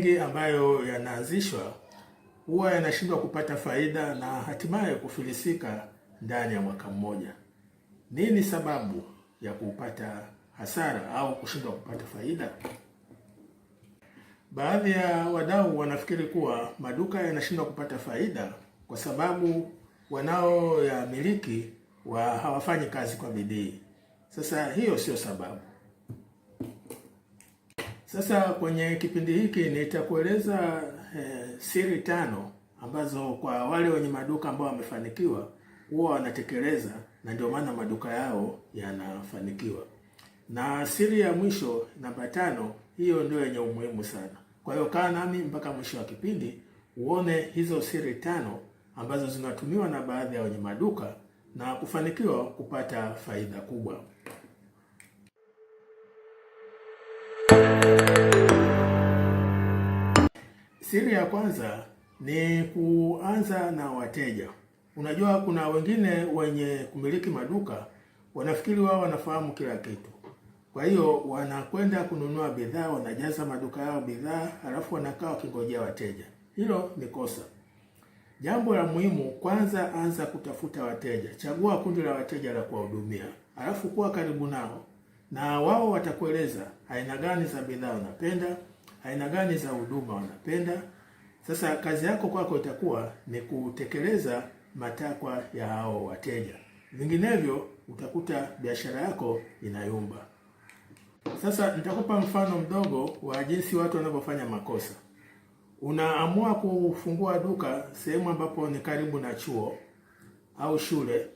mengi ambayo yanaanzishwa huwa yanashindwa kupata faida na hatimaye kufilisika ndani ya mwaka mmoja. Nini sababu ya kupata hasara au kushindwa kupata faida? Baadhi ya wadau wanafikiri kuwa maduka yanashindwa kupata faida kwa sababu wanaoyamiliki wa hawafanyi kazi kwa bidii. Sasa hiyo sio sababu. Sasa kwenye kipindi hiki nitakueleza e, siri tano ambazo kwa wale wenye maduka ambao wamefanikiwa huwa wanatekeleza na ndio maana maduka yao yanafanikiwa. Na siri ya mwisho namba tano, hiyo ndio yenye umuhimu sana. Kwa hiyo kaa nami mpaka mwisho wa kipindi uone hizo siri tano ambazo zinatumiwa na baadhi ya wenye maduka na kufanikiwa kupata faida kubwa. Siri ya kwanza ni kuanza na wateja. Unajua, kuna wengine wenye kumiliki maduka wanafikiri wao wanafahamu kila kitu, kwa hiyo wanakwenda kununua bidhaa, wanajaza maduka yao bidhaa, halafu wanakaa wakingojea wateja. Hilo ni kosa. Jambo la muhimu, kwanza anza kutafuta wateja, chagua kundi la wateja la kuwahudumia, halafu kuwa karibu nao na wao watakueleza aina gani za bidhaa wanapenda aina gani za huduma wanapenda. Sasa kazi yako kwako itakuwa ni kutekeleza matakwa ya hao wateja, vinginevyo utakuta biashara yako inayumba. Sasa nitakupa mfano mdogo wa jinsi watu wanavyofanya makosa. Unaamua kufungua duka sehemu ambapo ni karibu na chuo au shule,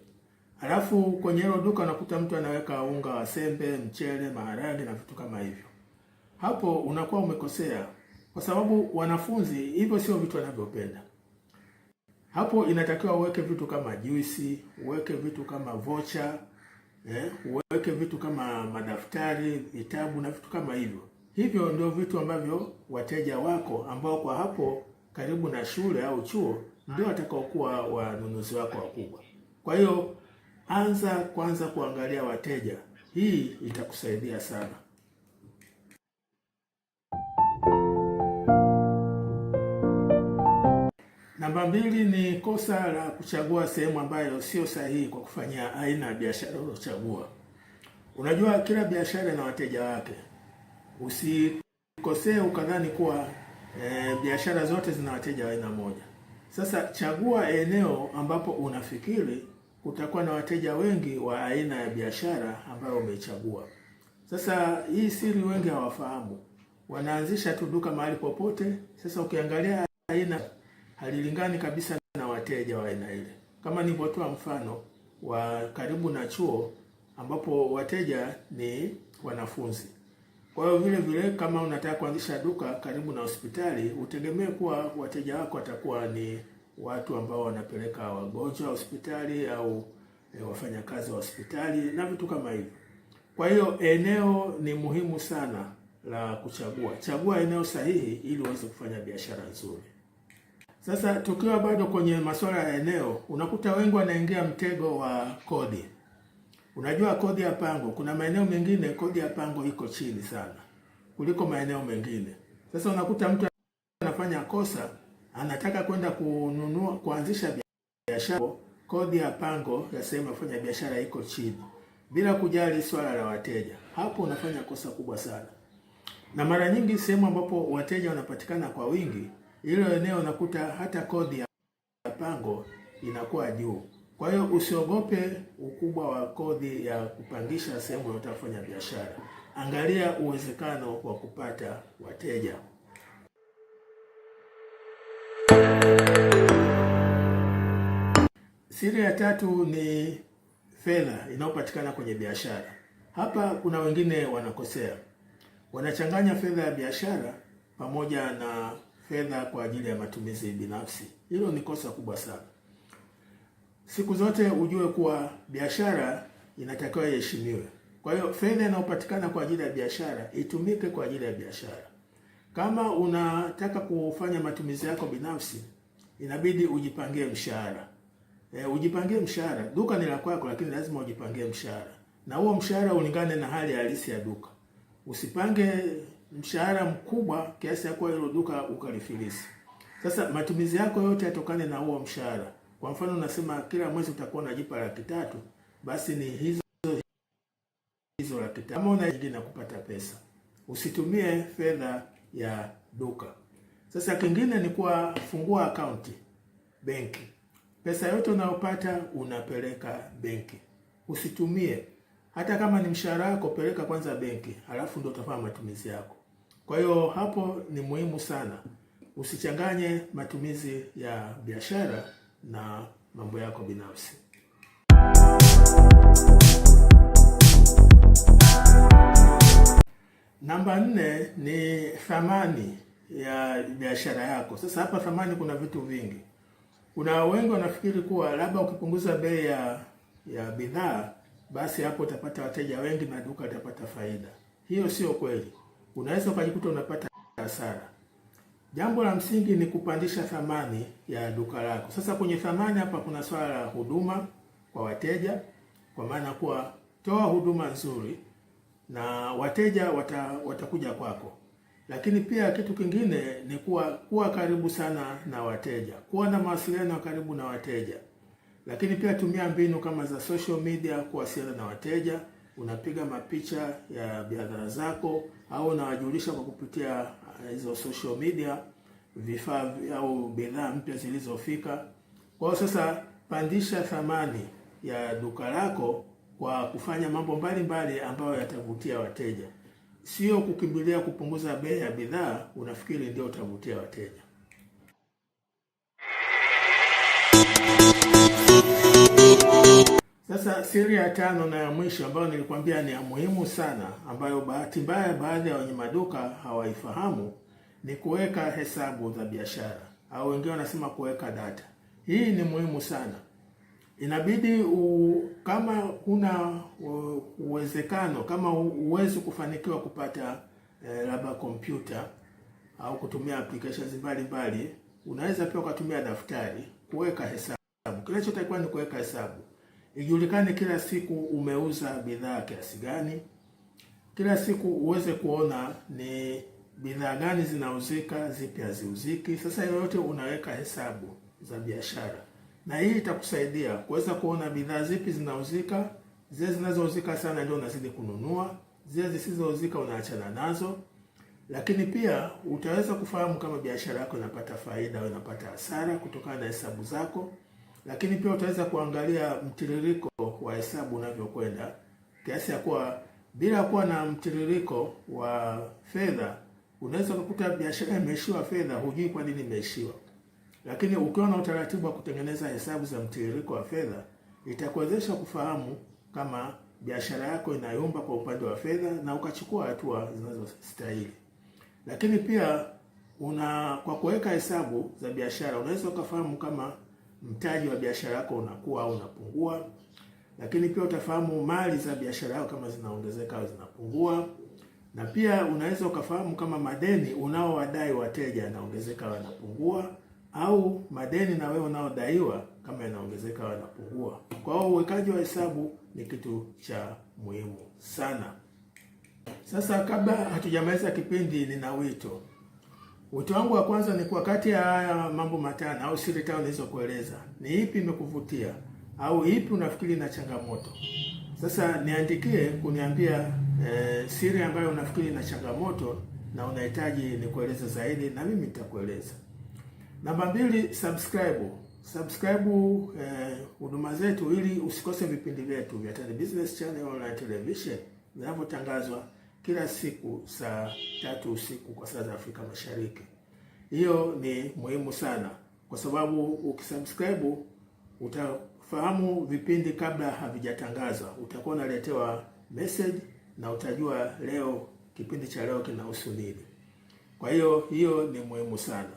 alafu kwenye hilo duka unakuta mtu anaweka unga wa sembe, mchele, maharage na vitu kama hivyo hapo unakuwa umekosea, kwa sababu wanafunzi hivyo sio vitu wanavyopenda. Hapo inatakiwa uweke vitu kama juisi, uweke vitu kama vocha eh, uweke vitu kama madaftari, vitabu na vitu kama hivyo. Hivyo ndio vitu ambavyo wateja wako ambao kwa hapo karibu na shule au chuo ndio watakaokuwa wanunuzi wako wakubwa. Kwa hiyo anza kwanza kuangalia wateja, hii itakusaidia sana. Namba mbili ni kosa la kuchagua sehemu ambayo sio sahihi kwa kufanyia aina ya biashara uliochagua. Unajua kila biashara na wateja wake. Usikosee ukadhani kuwa e, biashara zote zina wateja aina moja. Sasa chagua eneo ambapo unafikiri utakuwa na wateja wengi wa aina ya biashara ambayo umechagua. Sasa hii siri wengi hawafahamu, wanaanzisha tu duka mahali popote. Sasa ukiangalia aina halilingani kabisa na wateja wa aina ile, kama nilivyotoa mfano wa karibu na chuo ambapo wateja ni wanafunzi. Kwa hiyo vile vile, kama unataka kuanzisha duka karibu na hospitali, utegemee kuwa wateja wako watakuwa ni watu ambao wanapeleka wagonjwa hospitali au e, wafanyakazi wa hospitali na vitu kama hivyo. Kwa hiyo eneo ni muhimu sana la kuchagua. Chagua eneo sahihi ili uweze kufanya biashara nzuri. Sasa tukiwa bado kwenye masuala ya eneo, unakuta wengi wanaingia mtego wa kodi. Unajua kodi ya pango, kuna maeneo mengine kodi ya pango iko chini sana kuliko maeneo mengine. Sasa unakuta mtu anafanya kosa, anataka kwenda kununua, kuanzisha biashara, kodi ya pango ya sehemu ya biashara iko chini, bila kujali swala la wateja. Hapo unafanya kosa kubwa sana, na mara nyingi sehemu ambapo wateja wanapatikana kwa wingi hilo eneo unakuta hata kodi ya pango inakuwa juu. Kwa hiyo usiogope ukubwa wa kodi ya kupangisha sehemu unayotafanya biashara, angalia uwezekano wa kupata wateja. Siri ya tatu ni fedha inayopatikana kwenye biashara. Hapa kuna wengine wanakosea, wanachanganya fedha ya biashara pamoja na fedha kwa ajili ya matumizi binafsi. Hilo ni kosa kubwa sana. Siku zote ujue kuwa biashara inatakiwa iheshimiwe. Kwa hiyo fedha inayopatikana kwa ajili ya biashara itumike kwa ajili ya biashara. Kama unataka kufanya matumizi yako binafsi, inabidi ujipangie mshahara. E, ujipangie mshahara. Duka ni la kwako, lakini lazima ujipangie mshahara, na huo mshahara ulingane na hali halisi ya duka. Usipange mshahara mkubwa kiasi ya kuwa hilo duka ukalifilisi. Sasa matumizi yako yote yatokane na huo mshahara. Kwa mfano, unasema kila mwezi utakuwa unajipa laki tatu, basi ni hizo hizo laki tatu kama una nyingine kupata pesa, usitumie fedha ya duka. Sasa kingine ni kuwa fungua akaunti benki, pesa yote unayopata unapeleka benki, usitumie hata kama ni mshahara wako, peleka kwanza benki, halafu ndio utafanya matumizi yako. Kwa hiyo hapo ni muhimu sana, usichanganye matumizi ya biashara na mambo yako binafsi. Namba nne ni thamani ya biashara yako. Sasa hapa thamani, kuna vitu vingi. Kuna wengi wanafikiri kuwa labda ukipunguza bei ya ya bidhaa basi hapo utapata wateja wengi na duka litapata faida. Hiyo sio kweli unaweza ukajikuta unapata hasara. Jambo la msingi ni kupandisha thamani ya duka lako. Sasa kwenye thamani hapa kuna swala la huduma kwa wateja, kwa maana kuwa toa huduma nzuri na wateja wata, watakuja kwako. Lakini pia kitu kingine ni kuwa kuwa karibu sana na wateja, kuwa na mawasiliano karibu na wateja. Lakini pia tumia mbinu kama za social media kuwasiliana na wateja unapiga mapicha ya biashara zako au unawajulisha kwa kupitia eh, hizo social media vifaa au bidhaa mpya zilizofika. Kwa hiyo sasa, pandisha thamani ya duka lako kwa kufanya mambo mbalimbali ambayo yatavutia wateja, sio kukimbilia kupunguza bei ya bidhaa unafikiri ndio utavutia wateja. Sasa siri ya tano na ya mwisho ambayo nilikwambia ni ya muhimu sana, ambayo bahati mbaya baadhi ya wenye maduka hawaifahamu ni kuweka hesabu za biashara, au wengine wanasema kuweka data. Hii ni muhimu sana. Inabidi u, kama una uwezekano, kama huwezi kufanikiwa kupata eh, labda kompyuta au kutumia applications mbalimbali, unaweza pia ukatumia daftari kuweka hesabu. Kinachotakiwa ni kuweka hesabu ijulikane kila siku umeuza bidhaa kiasi gani, kila siku uweze kuona ni bidhaa gani zinauzika, zipi haziuziki. Sasa yoyote unaweka hesabu za biashara, na hii itakusaidia kuweza kuona bidhaa zipi zinauzika. Zile zinazouzika sana ndio unazidi kununua, zile zisizouzika unaachana nazo. Lakini pia utaweza kufahamu kama biashara yako inapata faida au inapata hasara kutokana na hesabu zako lakini pia utaweza kuangalia mtiririko wa hesabu unavyokwenda, kiasi ya kuwa bila kuwa na mtiririko wa fedha unaweza kukuta biashara imeishiwa fedha, hujui kwa nini imeishiwa. Lakini ukiwa na utaratibu wa kutengeneza hesabu za mtiririko wa fedha, itakuwezesha kufahamu kama biashara yako inayumba kwa upande wa fedha na ukachukua hatua zinazostahili. Lakini pia una kwa kuweka hesabu za biashara unaweza ukafahamu kama mtaji wa biashara yako unakuwa au unapungua, lakini pia utafahamu mali za biashara yako kama zinaongezeka au zinapungua, na pia unaweza ukafahamu kama madeni unaowadai wateja yanaongezeka au yanapungua, au madeni na wewe unaodaiwa kama yanaongezeka au yanapungua. Kwa hiyo uwekaji wa hesabu ni kitu cha muhimu sana. Sasa, kabla hatujamaliza kipindi, nina wito Wito wangu wa kwanza ni kwa kati ya haya mambo matano au siri tano nilizokueleza, ni ipi imekuvutia au ipi unafikiri na changamoto? Sasa niandikie kuniambia e, siri ambayo unafikiri na changamoto na unahitaji nikueleze zaidi, na mimi nitakueleza. Namba mbili, subscribe subscribe eh, huduma eh, zetu ili usikose vipindi vyetu vya Tan Business Channel online television vinavyotangazwa kila siku saa tatu usiku kwa saa za Afrika Mashariki. Hiyo ni muhimu sana, kwa sababu ukisubscribe utafahamu vipindi kabla havijatangazwa, utakuwa unaletewa message na utajua leo kipindi cha leo kinahusu nini. Kwa hiyo hiyo ni muhimu sana.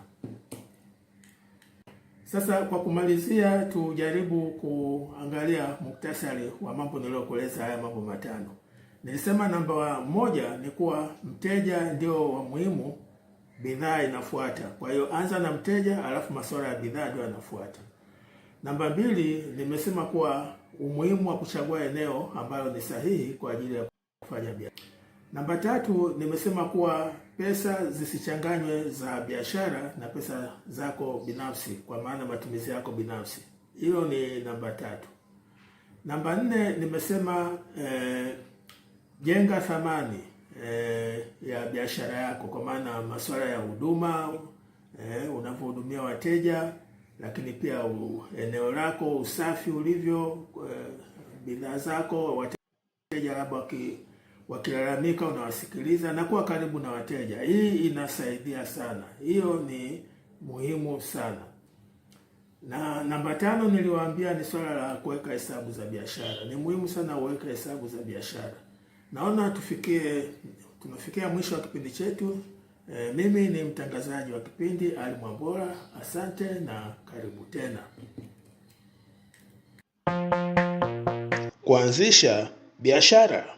Sasa kwa kumalizia, tujaribu kuangalia muktasari wa mambo niliyokueleza, haya mambo matano. Nilisema namba moja ni kuwa mteja ndio wa muhimu, bidhaa inafuata. Kwa hiyo anza na mteja, alafu masuala ya bidhaa ndio yanafuata. Namba mbili, nimesema kuwa umuhimu wa kuchagua eneo ambalo ni sahihi kwa ajili ya kufanya biashara. Namba tatu, nimesema kuwa pesa zisichanganywe za biashara na pesa zako binafsi, kwa maana matumizi yako binafsi. Hilo ni namba tatu. Namba nne, nimesema eh, jenga thamani e, ya biashara yako kwa maana masuala ya huduma e, unavyohudumia wateja, lakini pia u, eneo lako usafi ulivyo e, bidhaa zako, wateja labda waki, wakilalamika unawasikiliza na kuwa karibu na wateja. Hii inasaidia sana, hiyo ni muhimu sana. Na namba tano niliwaambia ni swala la kuweka hesabu za biashara. Ni muhimu sana uweke hesabu za biashara. Naona tufikie tumefikia mwisho wa kipindi chetu. E, mimi ni mtangazaji wa kipindi Ali Mwambola. Asante na karibu tena. Kuanzisha biashara